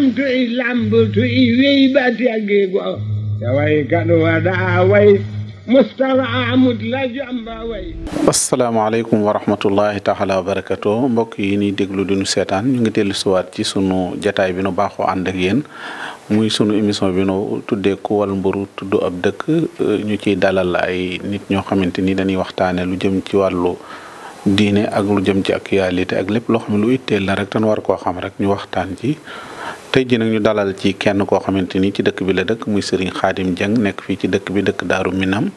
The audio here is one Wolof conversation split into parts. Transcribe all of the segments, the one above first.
lamto e lamboto e weybati taala wa barakato mbokk yi ni déglu du ñu seetaan ñu ngi dellu siwaat ci sunu jataay bi nu baaxoo ànd ak yéen muy sunu émission bi nu tuddee ku wal mburu tudd ab dëkk ñu ciy dalal ay nit ñoo xamante ni dañuy waxtaane lu jëm ci wàllu diine ak lu jëm ci actualité ak lépp loo xam ne lu itteel la rek tan war ko xam rek ñu waxtaan ci tey jii nag ñu dalal ci kenn koo xamante ni ci dëkk bi la dëkk muy sëriñ Khadim Dieng nekk fii ci dëkk bi dëkk Daaru Minam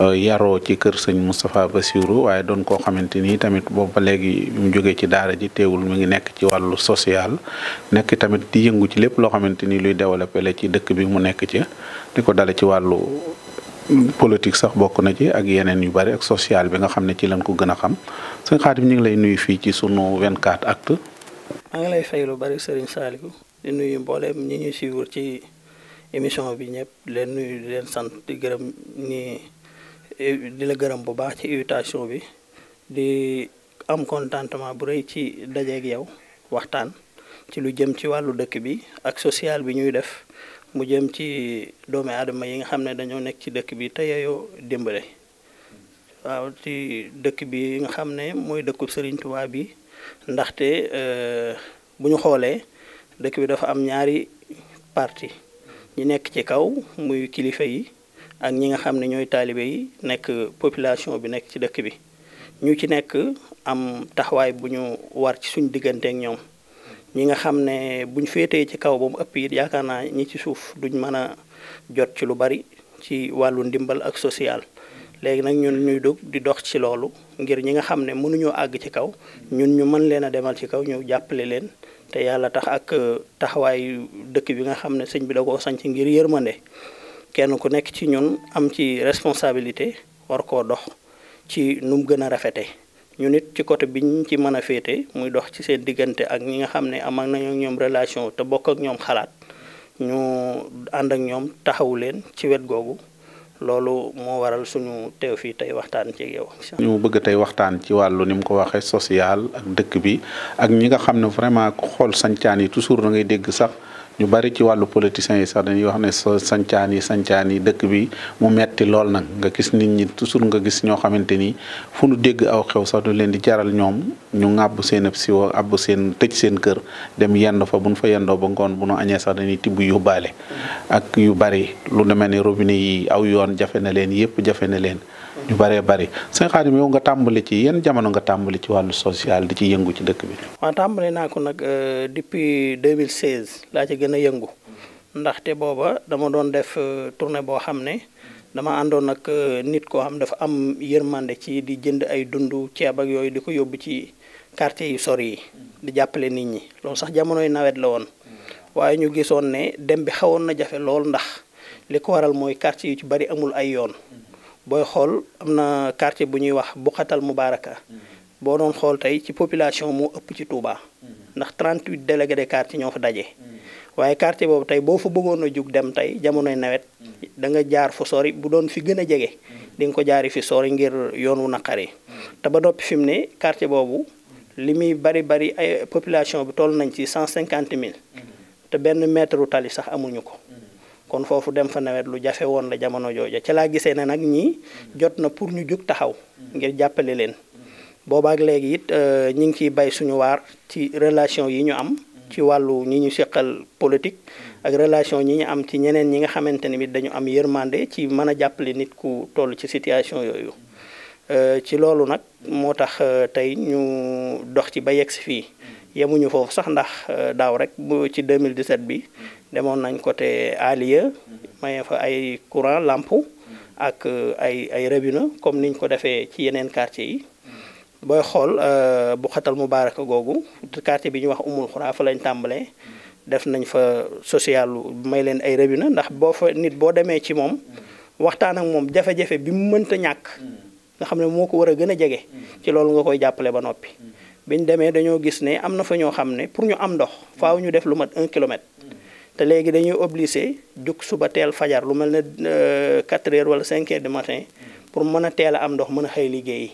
euh, yaroo ci kër sëñ ba Bassirou waaye doon koo xamante ni tamit boobu ba léegi mu jógee ci daara ji teewul mu ngi nekk ci wàllu social nekk tamit di yëngu ci lépp loo xamante ni luy développé la ci dëkk bi mu nekk ci di ko dale ci wàllu politique sax bokk na ci ak yeneen yu bari ak social bi nga xam ne ci lañ ko gën a xam sëñ Khadim ñu ngi lay nuyu fii ci sunu 24 actu. maa di nuyu mboole ñi ñu suivre ci émission bi ñëpp leen nuyu leen sant di gërëm ni e, di la gërëm bu baax ci invitation bi di am contentement bu rëy ci dajeeg yow waxtaan ci lu jëm ci wàllu dëkk bi ak sociale bi ñuy def mu jëm ci doomi aadama yi nga xam ne dañoo nekk ci dëkk bi te yeyoo dimbale waaw ci dëkk bi nga xam ne mooy dëkku Serigne Touba bi ndaxte euh, bu ñu xoolee dëkk bi dafa am ñaari parti ñi nekk ci kaw muy kilifa yi ak ñi nga xam ne ñooy taalibe yi nekk population bi nekk ci dëkk bi ñu ci nekk am taxawaay bu ñu war ci suñ digganteek ñoom ñi nga xam ne buñ féetee ci kaw ba mu ëpp it yaakaar naa ñi ci suuf duñ mën a jot ci lu bari ci wàllu ndimbal ak social léegi nag ñun ñuy dugg di dox ci loolu ngir ñi nga xam ne mënuñoo àgg ci kaw ñun ñu mën leen a demal ci kaw ñu jàppale leen te yàlla tax ak euh, taxawaayu dëkk bi nga xam ne sëñ bi da koo sanc ngir yërmande kenn ku nekk ci ñun am ci responsabilité war ko dox ci nu mu gën a rafete ñu nit ci côté biñ ci mën a féete muy dox ci seen diggante ak ñi nga xam ne am nañu ñoom relation te bokk ak ñoom xalaat ñu ànd ak ñoom taxawu leen ci wet googu loolu moo waral suñu teew fii tey waxtaan ci yow. ñu bëgg tey waxtaan ci wàllu ni mu ko waxee social ak dëkk bi ak ñi nga xam ne vraiment xool sancaan yi toujours da ngay dégg sax. ñu bari ci wàllu politiciens yi sax yoo xam ne sa sancaan yi sancaan yi dëkk bi mu metti lool nag nga gis nit ñi toujours nga gis ñoo xamante ni fu nu dégg aw xew sax du leen di jaral ñoom ñu ŋàbb seen ab siwo àbb seen tëj seen kër dem yendo fa bu nu fa yendoo ba ngoon bu nu añee sax dañuy tibb yóbbaale ak yu bari lu demee ni robine yi aw yoon jafe na leen yépp jafe na leen ñu bëree bari sëñ Xaadim yow nga tàmbali ci yenn jamono nga tàmbali ci wàllu social di ci yëngu ci dëkk bi. waaw tàmbali naa ko nag euh, depuis 2016 laa ci gën a yëngu ndaxte booba dama doon def euh, tournée boo xam ne dama àndoon nag euh, nit koo xam dafa am yërmande ci di jënd ay dund ceeb ak yooyu di ko yóbbu ci quartier yu sori yi di jàppale nit ñi loolu sax jamonoy nawet la woon waaye ñu gisoon ne dem bi xawoon na jafe lool ndax li ko waral mooy quartier yu ci bari amul ay yoon. booy xool am na quartier bu ñuy wax Buxatal Mubaraka mm-hmm. boo doon xool tey ci population mu ëpp ci Touba mm-hmm. ndax 38 délégués de quartier ñoo fa daje mm-hmm. waaye quartier boobu tey boo fa bëggoon a jug dem tey jamonoy nawet da nga jaar fu sori bu doon fi gën a jege di nga ko jaari fi sori ngir yoon wu naqari te ba noppi fi mu ne quartier boobu li muy bari bari ay population bi toll nañ ci cent cinquante 000 te benn mètre tali sax amuñu ko. kon foofu dem fa nawet lu jafe woon la jamono jooja ci laa gisee ne nag ñii jot na pour ñu jug taxaw ngir jàppale leen boobaak léegi it euh, ñi ngi ciy bay suñu waar ci relation yi ñu am ci wàllu ñi ñu seqal politique ak relation ñi ñu am ci ñeneen ñi nga xamante ne bi dañu am yërmande ci mën a jàppale nit ku toll ci situation yooyu euh, ci loolu nag moo tax euh, tey ñu dox ci ba yegg si fii yemuñu foofu sax ndax daaw rek ci 2017 bi demoon nañ côté Alieu maye fa ay courant lampe ak euh, ay ay robinet comme niñ ko defee ci yeneen quartier yi booy xool euh, bu xatal mu baaraka googu quartier bi ñu wax umul xuraa fa lañ tàmbalee def nañ fa social may leen ay robinet ndax boo fa nit boo demee ci moom waxtaan ak moom jafe-jafe bi mu mënta ñàkk nga xam ne moo ko war a gën a jege ci loolu nga koy jàppale ba noppi biñ demee dañoo gis ne am na fa ñoo xam ne pour ñu am ndox faaw ñu def lu mat un kilomètre te léegi dañuy obligé jug suba teel fajar lu mel na euh, 4 heures wala 5 heures du matin pour mën a teel a am ndox mën a xëy liggéey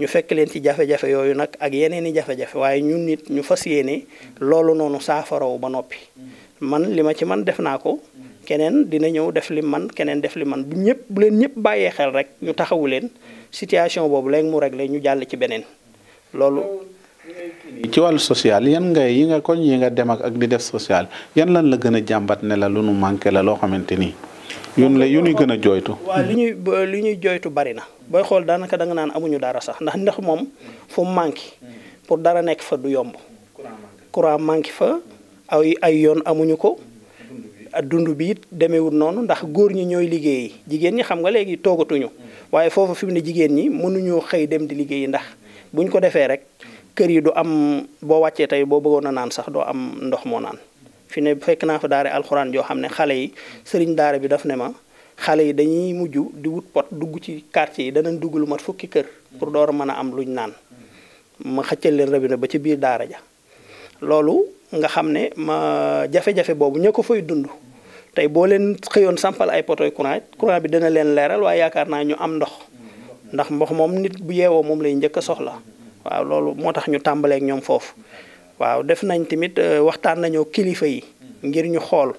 ñu fekk leen ci jafe-jafe yooyu nag ak yeneen i jafe-jafe waaye ñun nit ñu fas yéene loolu noonu saafaraw ba noppi man li ma ci man def naa ko keneen dina ñëw def li man keneen def li man bu ñëpp bu leen ñëpp bàyyee xel rek ñu taxawu leen situation boobu léegi mu réglé ñu jàll ci beneen loolu. ci wàllu sociale yan ngay yi nga koñ yi nga dem ak ak di def sociale yan lan la gën a jàmbat ne la lu nu manqué la loo xamante ni yun la yu ñuy gën a jooytu. li ñuy li ñuy jooytu bari na booy xool daanaka danga nga naan amuñu dara sax ndax ndax moom fu manqué pour dara nekk fa du yomb. courant manqué fa ay ay yoon amuñu ko. dund bi it demeewul noonu ndax góor ñi ñooy liggéeyi jigéen ñi xam nga léegi toogatuñu waaye foofu fi mu ne jigéen ñi mënuñoo xëy dem di liggéeyi ndax buñ ko defee rek. kër yi du am boo wàccee tey boo bëggoon a naan sax doo am ndox moo naan fi ne fekk naa fa daare alxuraan joo xam ne xale yi sëriñ daara bi daf ne ma xale yi dañuy mujj di wut pot dugg ci quartier yi danañ dugg lu mat fukki kër pour door mën a am luñ naan ma xëccal leen robinet ba ci biir daara ja loolu nga xam ne ma jafe-jafe boobu ña ko fay dund tey boo leen xëyoon sampal ay potoy courant courant bi dana leen leeral waaye yaakaar naa ñu am ndox ndax mbox moom nit bu yeewoo moom lay njëkk a soxla waaw loolu moo tax ñu tàmbaleek ñoom foofu waaw def nañ tamit euh, waxtaan nañoo kilifa yi ngir ñu xool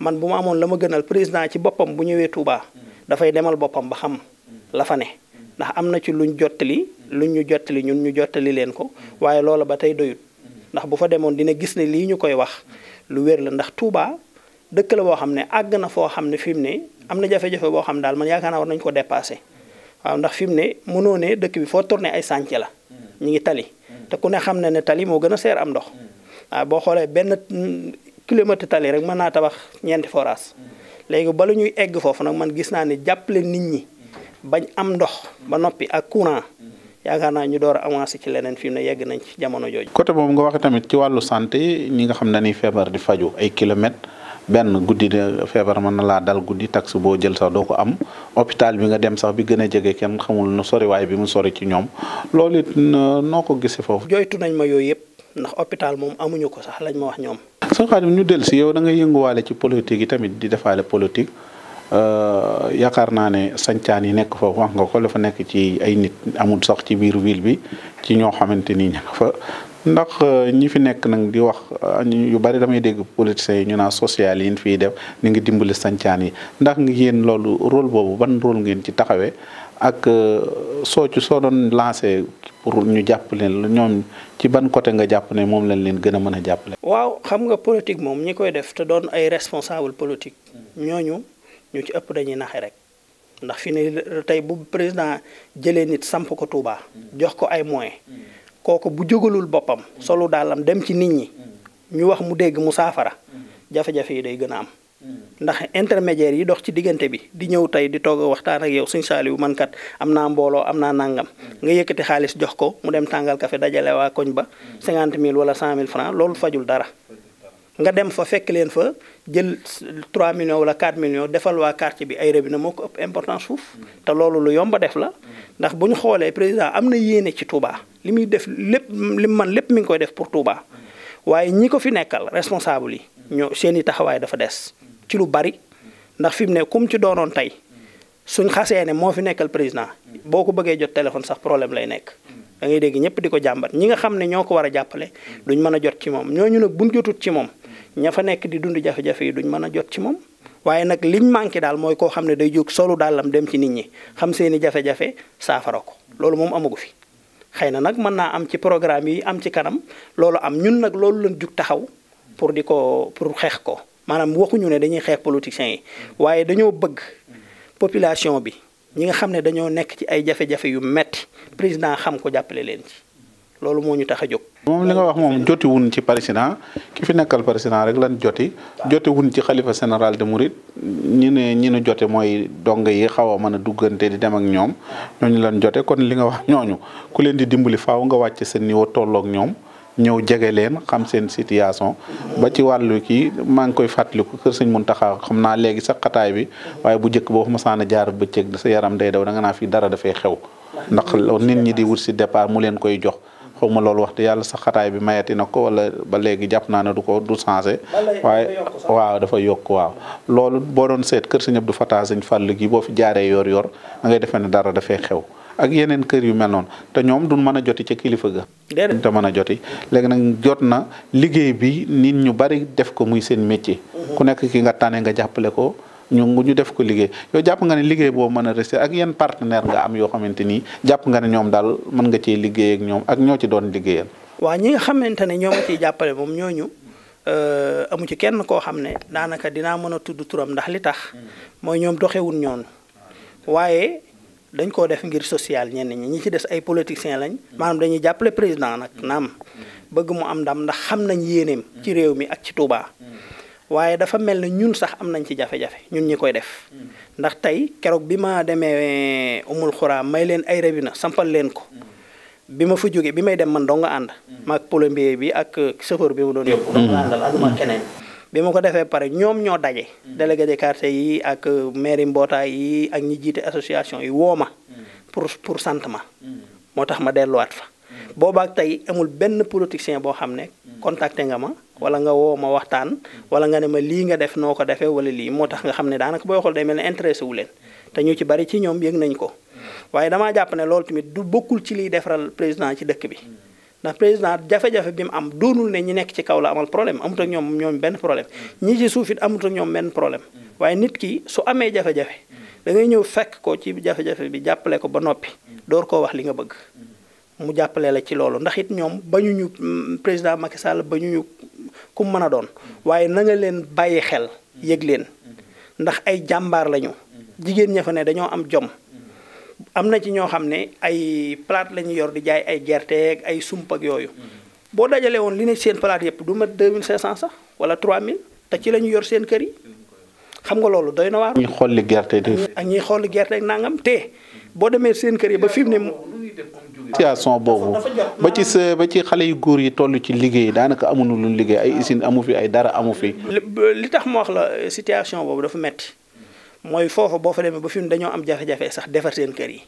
man bu ma amoon la ma gënal président ci boppam bu ñëwee Touba dafay demal boppam ba xam la fa ne ndax am na ci luñ jottali luñ ñu jottali ñun ñu jottali leen ko waaye loolu ba tey doyut ndax bu fa demoon dina gis ne lii ñu koy wax lu wér la ndax Touba dëkk la boo xam ne àgg na foo xam ne fi mu ne am na jafe-jafe boo xam daal man yaakaar naa war nañu ko dépassé waaw ndax fi mu ne mënoo ne dëkk bi foo tourné ay sànc la ñu ngi tali mm. te ku ne xam na ne tali moo gën a seer am ndox waaw mm. ah, boo xoolee benn mm, kilomètre tali rek mën naa tabax ñeenti forage léegi bala ñuy egg foofu nag man gis naa ne jàppale nit ñi bañ am ndox ba noppi ak courant yaakaar naa ñu door a avancé ci leneen fi ne yegg nañ ci jamono jooju. côté boobu nga wax tamit ci wàllu santé ñi nga xam na ni feebar di faju ay kilomètres. benn guddi de feebar mën na laa dal guddi taxe boo jël sax doo ko am hôpital bi nga dem sax bi gën a jege kenn xamul nu waay bi mu sori ci ñoom loolu it noo ko gisee foofu. joytu nañ ma yooyu yëpp ndax hôpital moom amuñu ko sax lañ ma wax ñoom. soo xaadim ñu dellu si yow da nga yënguwaale ci politique yi tamit di defaale politique euh, yaakaar naa ne sancaan yi nekk foofu wax nga ko la fa nekk ci ay nit amul sax ci biir ville bi ci ñoo xamante ni fa ndax euh, ñi fi nekk nag di wax yu euh, bari damay dégg politiciens yi ñu naan social yi ñu fiy def ni ngi dimbali sancaan yi ndax ngi yéen loolu rôle boobu ban rôle ngeen ci taxawee ak euh, soo ci soo doon lancé pour ñu jàpp leen ñoom ci ban côté nga jàpp ne moom lañ leen gën a mën a jàppale. waaw xam nga politique moom ñi koy def te doon ay responsable politique ñooñu ñu ci ëpp dañuy naxe rek ndax fi ne tey bu président jëlee nit samp ko Touba jox ko ay moyens. kooku bu jógalul boppam mm. solu daalam dem ci nit ñi mm. ñu wax mu dégg mu saafara mm. jafe-jafe yi day gën a am ndax intermédiaire yi dox ci diggante bi di ñëw tey di toog waxtaan ak yow suñ saaliwu man kat am naa mbooloo am naa nangam nga yëkkati xaalis jox ko mu dem tàngal kafe dajale waa koñ ba cinquante mille wala cent mille francs loolu fajul dara nga dem fa fekk leen fa jël 3 millions wala 4 millions defal waa quartier bi ay robinet moo ko ëpp importance fuuf te loolu lu yomba def la ndax bu ñu xoolee président am na yéene ci Touba li muy def lépp li mu man lépp mi ngi koy def pour Touba waaye ñi ko fi nekkal responsable yi ñoo seen i taxawaay dafa des ci lu bari ndax fi mu ne kum ci doonoon tey suñ xasee ne moo fi nekkal président boo ko bëggee jot téléphone sax problème lay nekk da ngay dégg ñëpp di ko jàmbat ñi nga xam ne ñoo ko war a jàppale duñ mën a jot ci moom ñooñu nag buñ jotut ci moom ña fa nekk di dund jafe-jafe yi duñ mën a jot ci moom waaye nag liñ manqué daal mooy koo xam ne day jóg solu dàllam dem ci nit ñi xam seeni jafe-jafe saafara ko loolu moom amagu fi xëy na nag mën naa am ci programme yi am ci kanam loolu am ñun nag loolu lañ jug taxaw pour di ko pour xeex ko maanaam waxuñu ne dañuy xeex politiciens yi waaye dañoo bëgg population bi ñi nga xam ne dañoo nekk ci ay jafe-jafe yu metti président xam ko jàppale leen ci loolu moo ñu tax a moom li nga wax moom joti wun ci président ki fi nekkal président rek lan joti. joti wun ci xalifa général de Mouride ñi ne ñi nu jote mooy dong yi xaw a mën a duggante di dem ak ñoom. ñooñu lan jote kon li nga wax ñooñu ku leen di dimbali faaw nga wàcc sa niveau tolloog ñoom. ñëw jege leen xam seen situation ba ci wàllu kii maa ngi koy fàttaliku kër sëñ Muntaxa xam naa léegi sax xataay bi waaye bu njëkk boo fa masaan a jaar bëccëg sa yaram day daw da naa fii dara dafay xew ndax nit ñi di wut si départ mu leen koy jox xaw ma loolu waxtu yàlla sax xataay bi mayati na ko wala ba léegi jàpp naa ne du ko du changé waaye waaw dafa yokk waaw loolu boo doon seet kër Sëñ Abdou Fatah Sëñ Fàll gi boo fi jaaree yor yor da ngay defee ne dara dafay xew ak yeneen kër yu mel noonu te ñoom duñ mën a joti ca kilifa ga te mën a joti léegi nag jot na liggéey bi nit ñu bari def ko muy seen métier mm-hmm. ku nekk ki nga tànne nga jàppale ko ñu ñu def ko liggéey yow jàpp nga ne liggéey boo mën a rester ak yan partenaire nga am yoo xamante ni jàpp nga ne ñoom daal mën nga cee liggéey ak ñoom ak ñoo ci doon liggéeyal. waaw ñi nga xamante ne ñoo ma jàppale moom ñooñu euh, amu ci kenn koo xam ne daanaka dinaa mën a tudd turam ndax li tax mooy ñoom doxewun ñoonu waaye dañ koo def ngir social ñenn ñi ñi ci des ay politiciens lañ maanaam dañuy jàppale président nag naam bëgg mu am ndam ndax xam nañ yéeneem ci réew mi ak ci Touba. waaye dafa mel ne ñun sax am nañ ci jafe-jafe ñun ñi koy def mm. ndax tey keroog bi ma demee eh, umul xuraa may leen ay robinet sampal leen ko mm. bi ma fu jógee bi may dem man dong ànd mm. maag plombier bi ak eh, chauffeur bi mu doon yóbbu bi ma ko defee pare ñoom ñoo daje délégué de quartier yi ak eh, mairie mbootaay yi ak ñi jiite association yi woo ma pour pour sant ma moo tax ma delluwaat fa boobaak tey amul benn politicien boo xam ne contacté nga ma wala nga woo ma waxtaan wala nga ne ma lii nga def noo ko defee wala lii moo tax nga xam ne daanaka booy xool day mel ne intéressé leen te ñu ci bari ci ñoom yëg nañ ko waaye damaa jàpp ne loolu tamit du bokkul ci liy defaral président ci dëkk bi ndax président jafe-jafe bi mu am doonul ne ñi nekk ci kaw la amal problème amut ak ñoom ñoom benn problème ñi ci suuf it amut ak ñoom benn problème waaye nit ki su amee jafe-jafe da ñëw fekk ko ci jafe bi jàppale ko ba noppi door koo wax li nga bëgg mu jàppale la ci loolu ndax it ñoom bañuñu mm, président Macky Sall bañuñu ku mën a doon waaye na nga leen bàyyi xel yëg leen ndax ay jàmbaar lañu jigéen ña fa ne dañoo am jom am na ci ñoo xam ne ay plate lañu yor di jaay ay gerte gerteeg ay sump ak yooyu boo dajalee woon li ne seen plate yëpp du mat 2500 sax wala 3000 te ci la ñu yor seen kër yi xam nga loolu doy na waar. ñuy xolli gerte ak ñuy xolli gerte ak nangam te boo demee seen kër yi ba fi ne. situation boobu ba ci sa ba ci xale yu góor yi toll ci liggéey daanaka amuñu lu liggéey ay usine amu fi ay dara amu fi. li tax mu wax la eh, situation boobu dafa metti mooy foofa boo fa demee ba fi dañoo am jafe sax defar seen kër yi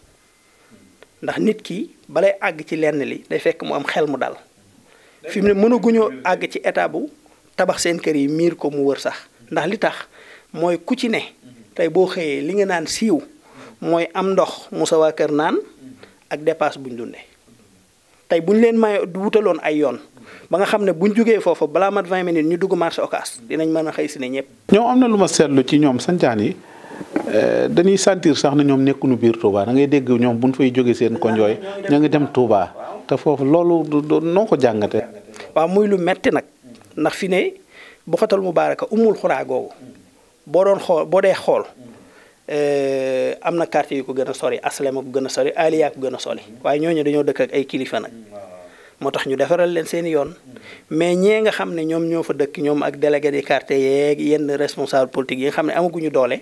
ndax nit ki balay àgg ci lenn li day fekk mu am xel mu dal fi mu ne mënaguñoo àgg ci état bu tabax seen kër yi miir ko mu wër sax ndax li tax mooy ku ci ne tey boo xëyee li nga naan siiw mooy am ndox mu sa kër naan. ak dépasse bu ñu dundee tey bu ñu leen may wutaloon ay yoon ba nga xam ne buñ jógee jugee foofu balaa mat 20 minutes ñu dugg marché Ocass dinañ man a xëy si ne ñëpp. ñoom am na lu ma seetlu ci ñoom sancaan yi eh, dañuy sentir sax na ñoom nekkuñu biir Touba da ngay dégg ñoom bu ñu fay jógee seen koñ yooyu ña ngi dem Touba te foofu loolu noo ko jàngatee. waaw muy lu metti nag ndax fi ne bu xotal mu baaraka umul xuraa googu boo doon boo dee xool. Eh, am na quartier yu ko gën a sori aslema ko gën a sori aliya ko gën a sori waaye ñooñu dañoo dëkk ak ay kilifa nag moo tax ñu defaral leen seeni yoon mais ñee nga xam ne ñoom ñoo fa dëkk ñoom ak délégué des quartiers yeeg yenn responsable politique yi nga xam ne amaguñu doole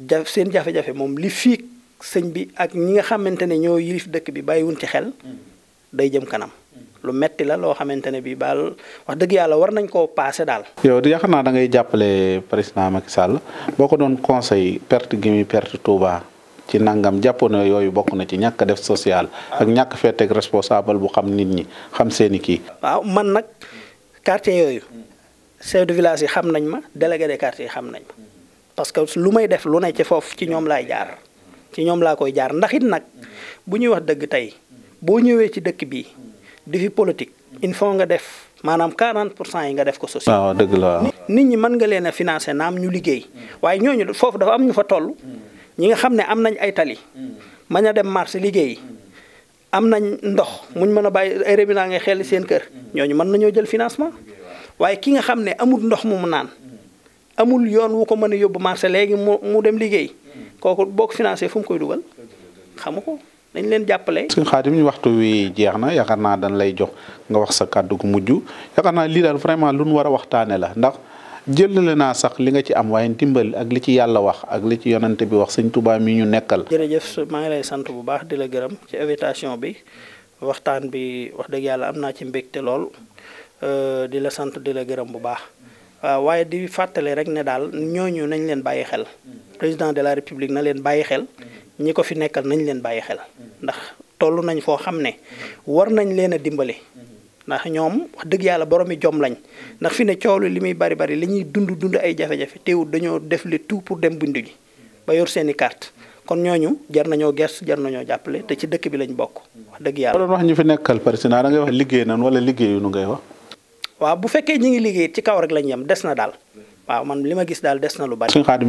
ja seen jafe-jafe moom li fii sëñ bi ak ñi nga xamante ne ñoo yilif dëkk bi bàyyiwuñ ci xel mm. day jëm kanam. lu metti la loo xamante ne bii baal wax dëgg yàlla war nañ koo paase daal. yow yaakaar naa da ngay jàppale président Macky Sall boo ko doon conseil perte gi muy perte Touba ci nangam jàpp yooyu bokk na ci ñàkk def social. ak ñàkk feeteeg responsable bu xam nit ñi xam seeni kii. waaw man nag quartier yooyu. chef de village yi xam nañ ma délégué de quartier yi xam nañ ma parce que lu may def lu ne ci foofu ci ñoom laay jaar ci ñoom laa koy jaar ndax it nag bu ñuy wax dëgg tey boo ñëwee ci dëkk bi. di fi politique il faut nga def maanaam 40 pour cent yi nga def ko social. Ah, waaw dëgg la nit ñi mën nga leen a financer naam ñu liggéey waaye ñooñu foofu dafa am ñu fa toll ñi nga xam ne am nañ ay tali mañ a dem marché liggéey am nañ ndox muñ mën a bàyyi ay ngay xel seen kër ñooñu mën nañoo jël financement waaye ki nga xam ne amul ndox mu mu naan amul yoon wu ko mën a yóbbu marché léegi mu mu dem liggéey kooku boo ko financé fu koy dugal xamu ko. nañ leen jàppale. sëñ Xaadim ñu waxtu wi jeex na yaakaar naa dañ lay jox nga wax sa kàddu gu mujj naa lii daal vraiment lu nu war a waxtaanee la ndax jëlale naa sax li nga ci am waaye ndimbal ak li ci yàlla wax ak li ci yonante bi wax sëñ Tuubaa mi ñu nekkal. jërëjëf maa ngi lay sant bu baax di la gërëm ci invitation bi waxtaan bi wax dëgg yàlla am naa ci mbégte lool euh, di la sant di la gërëm bu baax. Euh, waaye di fàttale rek ne daal ñooñu nañ leen bàyyi xel mm-hmm. président de la république na leen bàyyi xel mm-hmm. ñi ko fi nekkal nañu leen bàyyi xel mm-hmm. ndax toll nañu foo xam ne war nañ leen a dimbali ndax ñoom wax dëgg yàlla boromi jom lañ ndax fi ne coow li muy bari bari li ñuy dund dund ay jafe-jafe teewul dañoo def le tout pour dem bindu ji ba yor seeni carte kon ñooñu jar nañoo gers jar nañoo jàppale te ci dëkk bi lañ bokk wax dëgg yàlla. doon wax ñu fi nekkal président da ngay wax nan wala liggéeyu nu ngay wax. waaw bu fekkee ñi ngi liggéey ci kaw rek la ñu yem des na daal waaw man li ma gis daal des na lu bari. suñu baax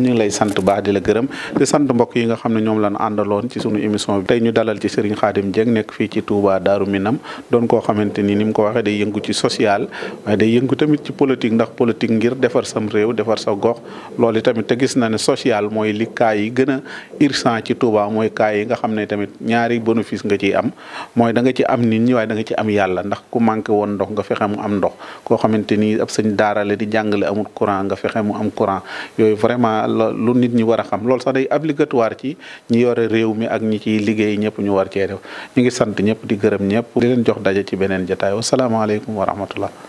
di la gërëm di sant mbokk yi nga xam ne ñoom lañ àndaloon ci sunu émission bi tey ñu dalal ci Serigne Khadim Dieng nekk fii ci Touba Darou day yëngu ci social waaye day yëngu tamit ndax politique ngir defar sam réew defar sa gox lool tamit te gis na ne social mooy li cas yi gën a urgent ci Touba mooy cas yi nga xam ne tamit ñaari bénéfice nga ci am mooy danga ci am nit ñi waaye da nga ci am yàlla ndax ku manqué woon ndox nga fexe mu am ndox koo xamante ni ab sëñ daara la di jàngale courant nga fexe fexe mu am courant yooyu vraiment lu nit ñi war a xam loolu sax day obligatoire ci ñi yore réew mi ak ñi ciy liggéey ñépp ñu war cee def ñu ngi sant ñëpp di gërëm ñëpp di leen jox daje ci beneen jotaay wasalaamaaleykum wa rahmatullah